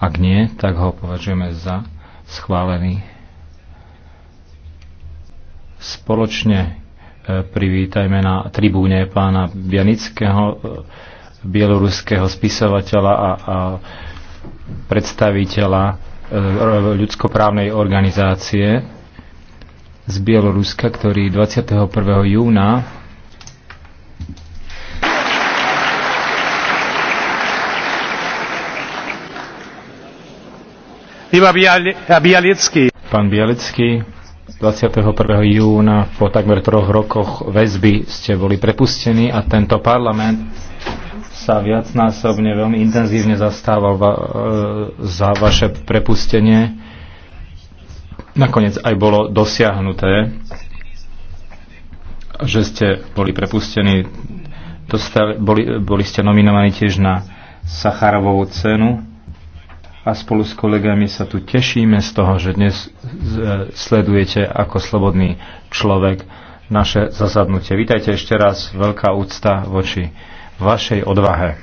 Ak nie, tak ho považujeme za schválený. Spoločne e, privítajme na tribúne pána Bianického, e, bieloruského spisovateľa a, a predstaviteľa e, ľudskoprávnej organizácie z Bieloruska, ktorý 21. júna Pán Bialecký, 21. júna po takmer troch rokoch väzby ste boli prepustení a tento parlament sa viacnásobne veľmi intenzívne zastával va, e, za vaše prepustenie. Nakoniec aj bolo dosiahnuté, že ste boli prepustení. Dostali, boli, boli ste nominovaní tiež na Sacharovovú cenu a spolu s kolegami sa tu tešíme z toho, že dnes e, sledujete ako slobodný človek naše zasadnutie. Vítajte ešte raz, veľká úcta voči vašej odvahe.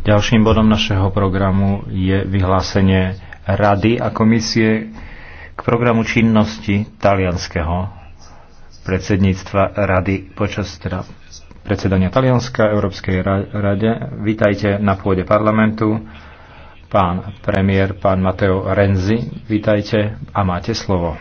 Ďalším bodom našeho programu je vyhlásenie Rady a komisie k programu činnosti talianského predsedníctva rady počas teda predsedania Talianska Európskej rade. Vítajte na pôde parlamentu. Pán premiér, pán Mateo Renzi, vítajte a máte slovo.